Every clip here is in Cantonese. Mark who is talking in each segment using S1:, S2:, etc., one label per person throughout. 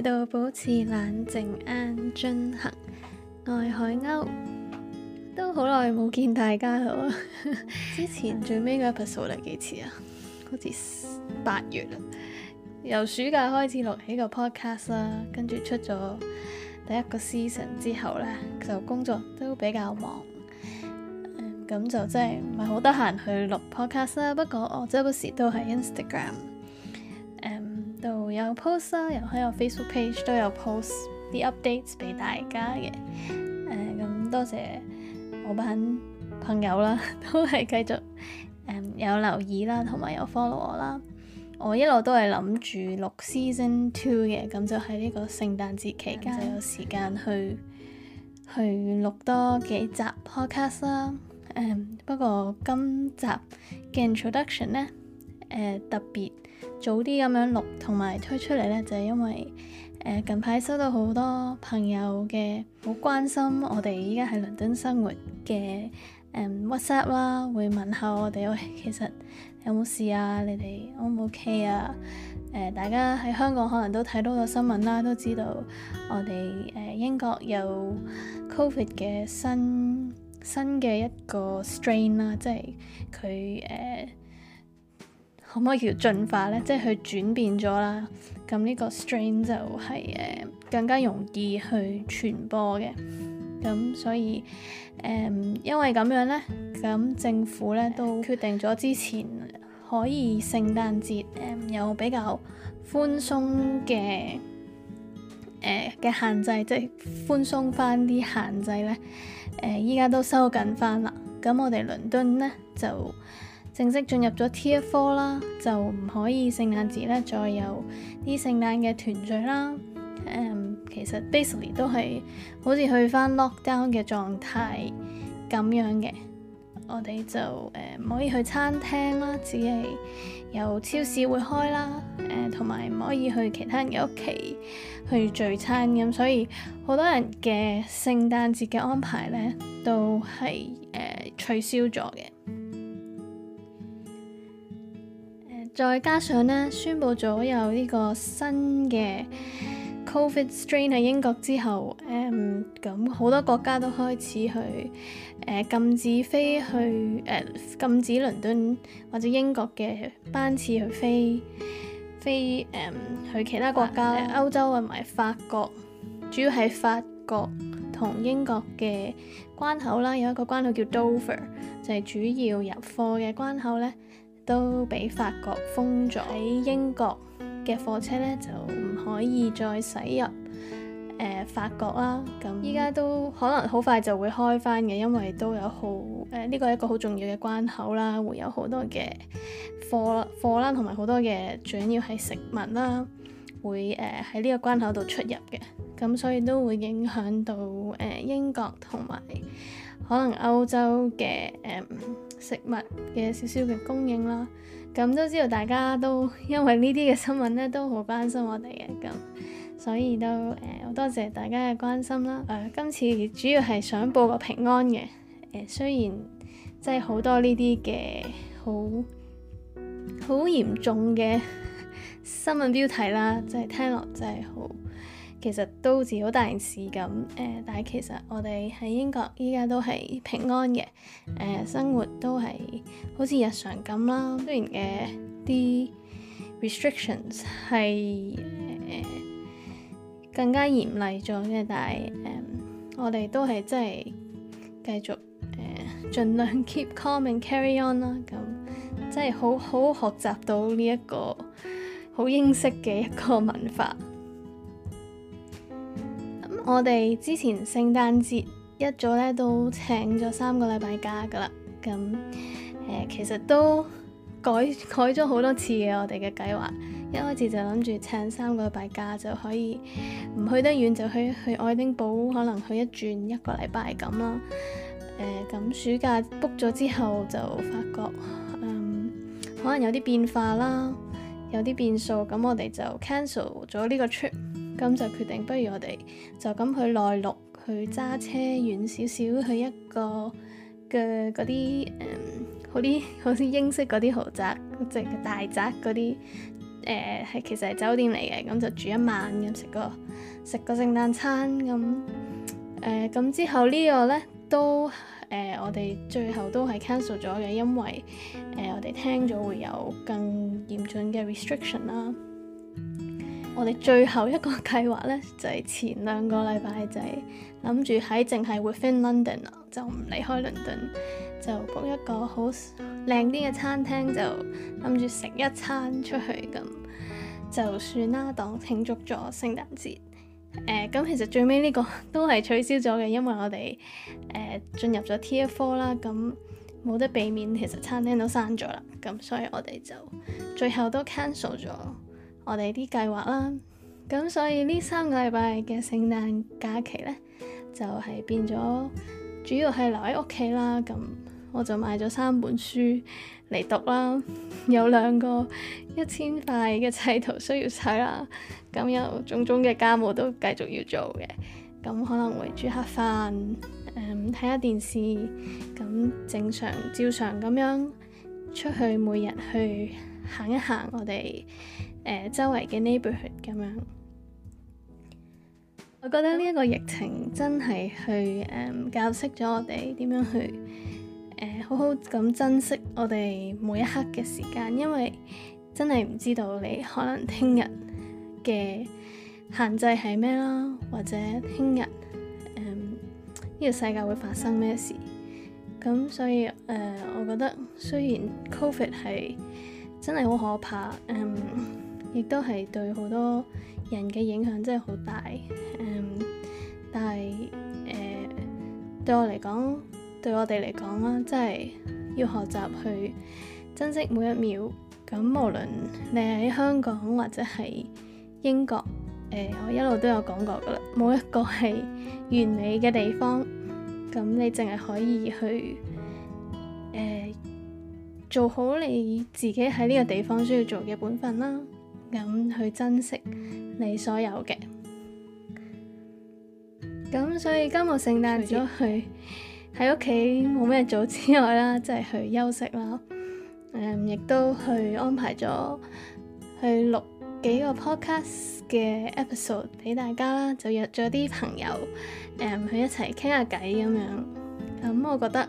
S1: 喺度保持冷靜 and 進行，愛海鷗都好耐冇見大家啦！ 之前最尾嗰一 part 數嚟幾次啊？好似八月啦，由暑假開始錄起個 podcast 啦，跟住出咗第一個 season 之後咧，就工作都比較忙，咁、嗯、就真係唔係好得閒去錄 podcast 啦。不過我周不時都喺 Instagram。有 post 啦，又喺我 Facebook page 都有 post 啲 updates 俾大家嘅。誒、uh, 咁多謝我班朋友啦，都係繼續誒、um, 有留意啦，同埋有，有 follow 我啦。我一路都係諗住錄 season two 嘅，咁就喺呢個聖誕節期間就有時間去 去錄多幾集 podcast 啦。誒、um, 不過今集嘅 introduction 咧，誒、呃、特別早啲咁樣錄同埋推出嚟呢，就係、是、因為、呃、近排收到好多朋友嘅好關心，我哋依家喺倫敦生活嘅、呃、WhatsApp 啦，會問下我哋喂，其實有冇事啊？你哋 O 唔 OK 啊？呃、大家喺香港可能都睇到個新聞啦、啊，都知道我哋誒、呃、英國有 Covid 嘅新新嘅一個 strain 啦、啊，即係佢誒。呃可唔可以叫進化咧？即係佢轉變咗啦，咁呢個 strain 就係、是、誒、呃、更加容易去傳播嘅。咁所以誒、呃，因為咁樣咧，咁政府咧、呃、都決定咗之前可以聖誕節誒、呃、有比較寬鬆嘅誒嘅限制，即、就、係、是、寬鬆翻啲限制咧。誒依家都收緊翻啦。咁我哋倫敦咧就，正式進入咗 Tier Four 啦，就唔可以聖誕節咧，再有啲聖誕嘅團聚啦。誒、嗯，其實 basically 都係好似去翻 lockdown 嘅狀態咁樣嘅。我哋就誒唔、嗯、可以去餐廳啦，只係有超市會開啦。誒、嗯，同埋唔可以去其他人嘅屋企去聚餐咁、嗯，所以好多人嘅聖誕節嘅安排咧都係誒、嗯、取消咗嘅。再加上咧，宣布咗有呢個新嘅 Covid strain 喺英國之後，誒咁好多國家都開始去誒、呃、禁止飛去誒、呃、禁止倫敦或者英國嘅班次去飛飛誒、嗯、去其他國家啦。歐、啊、洲同埋法國，主要係法國同英國嘅關口啦，有一個關口叫 Dover，就係主要入貨嘅關口咧。都俾法國封咗，喺英國嘅貨車呢，就唔可以再駛入、呃、法國啦。咁依家都可能好快就會開翻嘅，因為都有好誒呢個係一個好重要嘅關口啦，會有好多嘅貨啦貨啦，同埋好多嘅，主要係食物啦，會誒喺呢個關口度出入嘅。咁所以都會影響到誒、呃、英國同埋。可能歐洲嘅誒、呃、食物嘅少少嘅供應啦，咁都知道大家都因為呢啲嘅新聞咧都好關心我哋嘅，咁所以都誒好、呃、多謝大家嘅關心啦。誒、呃、今次主要係想報個平安嘅，誒、呃、雖然即係好多呢啲嘅好好嚴重嘅 新聞標題啦，就係、是、聽落真係好。其實都好似好大件事咁，誒、呃，但係其實我哋喺英國依家都係平安嘅，誒、呃、生活都係好似日常咁啦。雖然嘅啲 restrictions 係誒更加嚴厲咗嘅，但係誒、呃、我哋都係真係繼續誒盡、呃、量 keep calm and carry on 啦、嗯。咁真係好好學習到呢一個好英式嘅一個文化。我哋之前聖誕節一早咧都請咗三個禮拜假㗎喇，咁、嗯、誒、呃、其實都改改咗好多次嘅我哋嘅計劃。一開始就諗住請三個禮拜假就可以唔去得遠就去去，去愛丁堡，可能去一轉一個禮拜咁啦。咁、嗯嗯、暑假 book 咗之後就發覺、嗯、可能有啲變化啦，有啲變數，咁我哋就 cancel 咗呢個 trip。咁就決定，不如我哋就咁去內陸，去揸車遠少少去一個嘅嗰啲，誒、嗯，好啲好似英式嗰啲豪宅，即係大宅嗰啲，誒、呃、係其實係酒店嚟嘅，咁就住一晚，咁食個食個聖誕餐，咁誒咁之後個呢個咧都誒、呃、我哋最後都係 cancel 咗嘅，因為誒、呃、我哋聽咗會有更嚴峻嘅 restriction 啦。我哋最後一個計劃呢，就係、係、前兩個禮拜就諗住喺淨係 within London 啦，就唔離開 London，就 book 一個好靚啲嘅餐廳，就諗住食一餐出去咁，就算啦，當慶祝咗聖誕節。誒、呃，咁其實最尾呢個都係取消咗嘅，因為我哋誒進入咗 Tier 4啦，咁冇得避免，其實餐廳都閂咗啦，咁所以我哋就最後都 cancel 咗。我哋啲計劃啦，咁所以呢三個禮拜嘅聖誕假期呢，就係、係、變咗主要係留喺屋企啦。咁我就買咗三本書嚟讀啦，有兩個一千塊嘅砌圖需要砌啦，咁有種種嘅家務都繼續要做嘅，咁可能會煮下飯，睇、呃、下電視，咁正常照常咁樣出去每日去行一行我，我哋。誒、呃、周圍嘅 neighborhood 咁樣，我覺得呢一個疫情真係去誒、呃、教識咗我哋點樣去誒、呃、好好咁珍惜我哋每一刻嘅時間，因為真係唔知道你可能聽日嘅限制係咩咯，或者聽日呢個世界會發生咩事。咁所以誒、呃，我覺得雖然 covid 係真係好可怕，嗯、呃。亦都係對好多人嘅影響真係好大，嗯，但係誒對我嚟講，對我哋嚟講啦，即係要學習去珍惜每一秒。咁無論你喺香港或者係英國，誒，呃，我一路都有講過㗎喇，冇一個係完美嘅地方。咁你淨係可以去誒，呃，做好你自己喺呢個地方需要做嘅本分啦。咁去珍惜你所有嘅，咁所以今日聖誕除咗去喺屋企冇咩做之外啦，即係去休息啦。誒、嗯，亦都去安排咗去錄幾個 podcast 嘅 episode 俾大家啦，就約咗啲朋友，誒、嗯，去一齊傾下偈咁樣。咁、嗯、我覺得。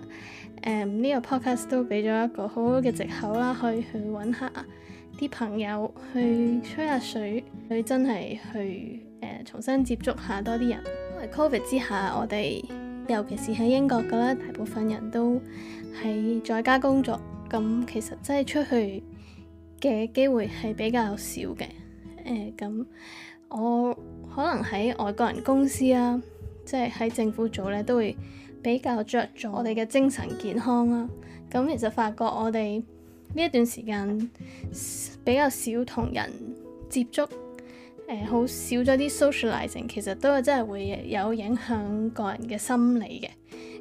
S1: 誒呢個 podcast 都俾咗一個好好嘅藉口啦，可以去揾下啲朋友去吹下水，去真係去誒、呃、重新接觸下多啲人。因為 covid 之下，我哋尤其是喺英國噶啦，大部分人都喺在家工作，咁其實真係出去嘅機會係比較少嘅。誒、呃、咁，我可能喺外國人公司啊，即係喺政府組呢，都會。比較着重我哋嘅精神健康啦，咁其實發覺我哋呢一段時間比較少同人接觸，好、呃、少咗啲 socializing，其實都係真係會有影響個人嘅心理嘅。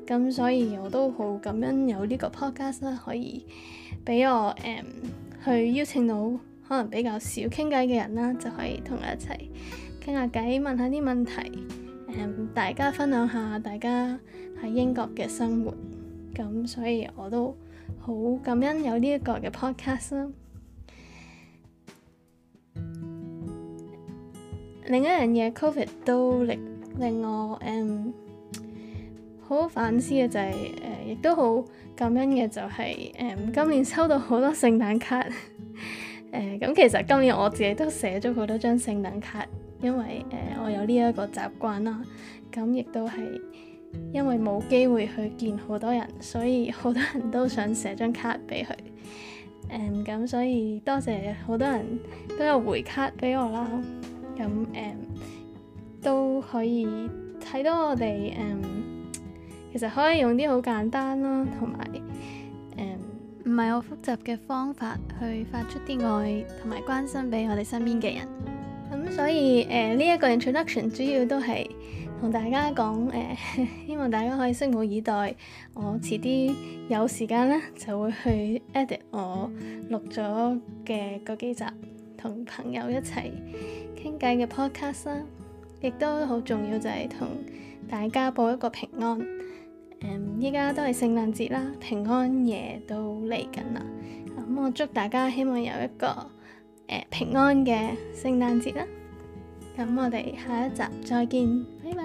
S1: 咁所以我都好感恩有呢個 podcast 啦，可以俾我誒、呃、去邀請到可能比較少傾偈嘅人啦，就可以同佢一齊傾下偈，問下啲問題。Um, 大家分享下大家喺英國嘅生活，咁所以我都好感恩有呢 一個嘅 podcast。另一樣嘢，Covid 都令令我誒好好反思嘅就係、是、誒、呃，亦都好感恩嘅就係、是、誒、呃，今年收到好多聖誕卡。誒、 呃，咁其實今年我自己都寫咗好多張聖誕卡。因為誒、呃，我有呢一個習慣啦，咁亦都係因為冇機會去見好多人，所以好多人都想寫張卡俾佢。誒、嗯、咁，所以多謝好多人都有回卡俾我啦。咁誒、嗯、都可以睇到我哋誒、嗯，其實可以用啲好簡單啦，同埋誒唔係好複雜嘅方法去發出啲愛同埋關心俾我哋身邊嘅人。咁、嗯、所以誒呢一個 introduction 主要都係同大家講誒、呃，希望大家可以拭目以待。我遲啲有時間咧就會去 edit 我錄咗嘅嗰幾集同朋友一齊傾偈嘅 podcast 啦，亦都好重要就係同大家報一個平安。誒、呃，依家都係聖誕節啦，平安夜都嚟緊啦。咁、嗯、我祝大家希望有一個～誒平安嘅聖誕節啦，咁我哋下一集再見，拜拜。